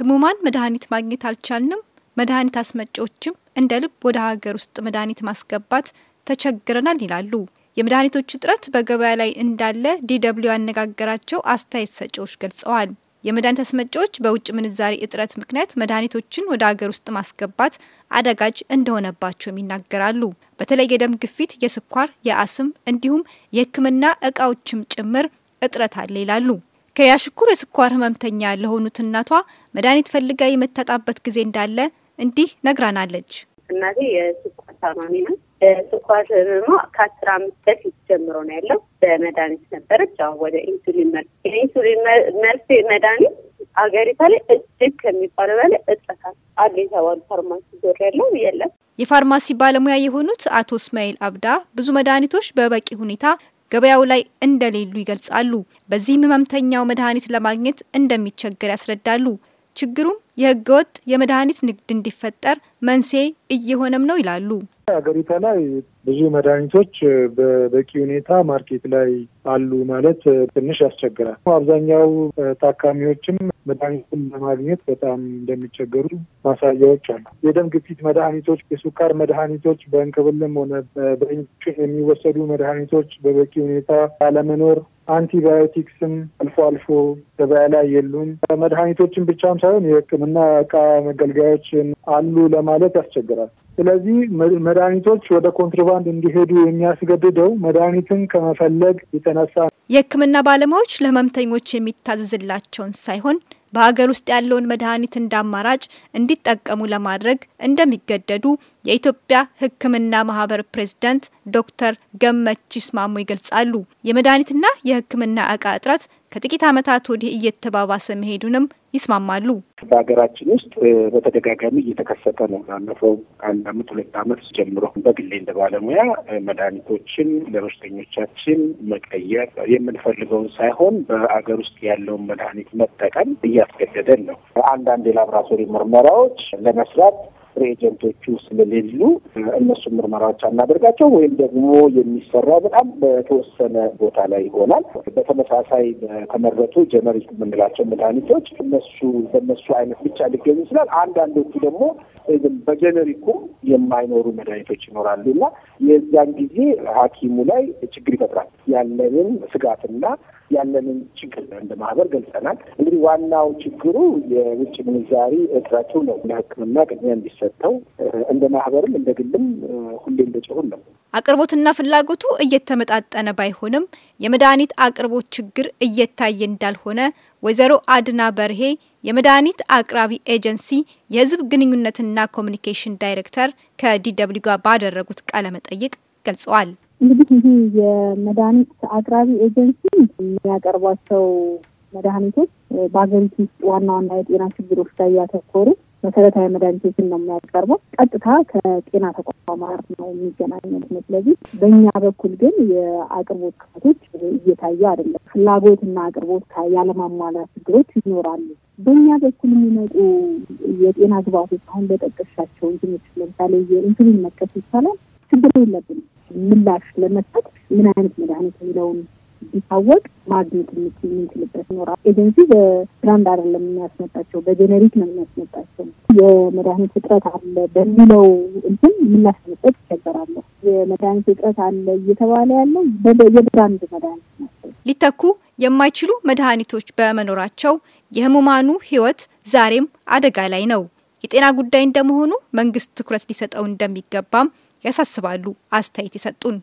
ህሙማን መድኃኒት ማግኘት አልቻልንም። መድኃኒት አስመጪዎችም እንደ ልብ ወደ ሀገር ውስጥ መድኃኒት ማስገባት ተቸግረናል ይላሉ። የመድኃኒቶች እጥረት በገበያ ላይ እንዳለ ዲደብሊው ያነጋገራቸው አስተያየት ሰጪዎች ገልጸዋል። የመድኃኒት አስመጪዎች በውጭ ምንዛሪ እጥረት ምክንያት መድኃኒቶችን ወደ ሀገር ውስጥ ማስገባት አደጋጅ እንደሆነባቸውም ይናገራሉ። በተለይ የደም ግፊት፣ የስኳር፣ የአስም እንዲሁም የህክምና እቃዎችም ጭምር እጥረት አለ ይላሉ። ከያሽኩር የስኳር ህመምተኛ ለሆኑት እናቷ መድኃኒት ፈልጋ የምታጣበት ጊዜ እንዳለ እንዲህ ነግራናለች። እናቴ የስኳር ታማሚ ነው። ስኳር ህመሟ ከአስር አምስት በፊት ጀምሮ ነው ያለው። በመድኃኒት ነበረች። አሁን ወደ ኢንሱሊን መር የኢንሱሊን መርፌ መድኃኒት አገሪቷ ላይ እጅግ ከሚባለው በላይ እጥረታል አለ የተባሉ ፋርማሲ ዞር ያለው የለም። የፋርማሲ ባለሙያ የሆኑት አቶ እስማኤል አብዳ ብዙ መድኃኒቶች በበቂ ሁኔታ ገበያው ላይ እንደሌሉ ይገልጻሉ። በዚህም ህመምተኛው መድኃኒት ለማግኘት እንደሚቸገር ያስረዳሉ። ችግሩም የህገወጥ የመድኃኒት ንግድ እንዲፈጠር መንስኤ እየሆነም ነው ይላሉ። ሀገሪቷ ላይ ብዙ መድኃኒቶች በበቂ ሁኔታ ማርኬት ላይ አሉ ማለት ትንሽ ያስቸግራል። አብዛኛው ታካሚዎችም መድኃኒቱን ለማግኘት በጣም እንደሚቸገሩ ማሳያዎች አሉ። የደም ግፊት መድኃኒቶች፣ የሱካር መድኃኒቶች በእንክብልም ሆነ በኢንፌክሽን የሚወሰዱ መድኃኒቶች በበቂ ሁኔታ አለመኖር፣ አንቲባዮቲክስም አልፎ አልፎ ገበያ ላይ የሉም። መድኃኒቶችን ብቻም ሳይሆን የህክ የሕክምና እቃ መገልገያዎችን አሉ ለማለት ያስቸግራል። ስለዚህ መድኃኒቶች ወደ ኮንትሮባንድ እንዲሄዱ የሚያስገድደው መድኃኒትን ከመፈለግ የተነሳ የሕክምና ባለሙያዎች ለህመምተኞች የሚታዘዝላቸውን ሳይሆን በሀገር ውስጥ ያለውን መድኃኒት እንደ አማራጭ እንዲጠቀሙ ለማድረግ እንደሚገደዱ የኢትዮጵያ ህክምና ማህበር ፕሬዝዳንት ዶክተር ገመች ይስማሙ ይገልጻሉ። የመድኃኒትና የህክምና እቃ እጥረት ከጥቂት ዓመታት ወዲህ እየተባባሰ መሄዱንም ይስማማሉ። በሀገራችን ውስጥ በተደጋጋሚ እየተከሰተ ነው። ላለፈው አንድ አመት ሁለት አመት ጀምሮ በግሌ እንደ ባለሙያ መድኃኒቶችን ለበሽተኞቻችን መቀየር የምንፈልገውን ሳይሆን በአገር ውስጥ ያለውን መድኃኒት መጠቀም እያስገደደን ነው። አንዳንድ የላብራቶሪ ምርመራዎች ለመስራት ፍሬ ኤጀንቶቹ ስለሌሉ እነሱን ምርመራዎች አናደርጋቸው ወይም ደግሞ የሚሰራው በጣም በተወሰነ ቦታ ላይ ይሆናል። በተመሳሳይ በተመረቱ ጀነሪክ የምንላቸው መድኃኒቶች እነሱ በእነሱ አይነት ብቻ ሊገኙ ይችላል። አንዳንዶቹ ደግሞ በጀነሪኩም የማይኖሩ መድኃኒቶች ይኖራሉ እና የዛን ጊዜ ሐኪሙ ላይ ችግር ይፈጥራል። ያለንን ስጋትና ያለንን ችግር እንደ ማህበር ገልጸናል። እንግዲህ ዋናው ችግሩ የውጭ ምንዛሪ እጥረቱ ነው። ለህክምና ቅድሚያ እንዲሰ የሚሰጠው እንደ ማህበርም እንደ ግልም ሁሌ እንደ ጭሁን ነው። አቅርቦትና ፍላጎቱ እየተመጣጠነ ባይሆንም የመድኃኒት አቅርቦት ችግር እየታየ እንዳልሆነ ወይዘሮ አድና በርሄ የመድኃኒት አቅራቢ ኤጀንሲ የህዝብ ግንኙነትና ኮሚኒኬሽን ዳይሬክተር ከዲደብሊው ጋር ባደረጉት ቃለ መጠይቅ ገልጸዋል። እንግዲህ ይህ የመድኃኒት አቅራቢ ኤጀንሲ የሚያቀርቧቸው መድኃኒቶች በሀገሪቱ ውስጥ ዋና ዋና የጤና ችግሮች ላይ ያተኮሩ መሰረታዊ መድኃኒቶችን ነው የሚያቀርበው። ቀጥታ ከጤና ተቋማት ነው የሚገናኙት ነው። ስለዚህ በእኛ በኩል ግን የአቅርቦት ክፍተቶች እየታዩ አይደለም። ፍላጎትና አቅርቦት ያለማሟላት ችግሮች ይኖራሉ። በእኛ በኩል የሚመጡ የጤና ግብዓቶች አሁን በጠቀሻቸው እንትኖች ለምሳሌ የኢንሱሊን መጥቀስ ይቻላል። ችግር የለብንም። ምላሽ ለመስጠት ምን አይነት መድኃኒት የሚለውን ሲታወቅ ማግኘት የምንችልበት ኖራ ኤጀንሲ በብራንድ አይደለም የሚያስመጣቸው በጀኔሪክ ነው የሚያስመጣቸው። የመድኃኒት እጥረት አለ በሚለው እንትን የምናስመጠት ይቸገራለሁ። የመድኃኒት እጥረት አለ እየተባለ ያለው የብራንድ መድኃኒት ናቸው። ሊተኩ የማይችሉ መድኃኒቶች በመኖራቸው የህሙማኑ ህይወት ዛሬም አደጋ ላይ ነው። የጤና ጉዳይ እንደመሆኑ መንግስት ትኩረት ሊሰጠው እንደሚገባም ያሳስባሉ አስተያየት የሰጡን።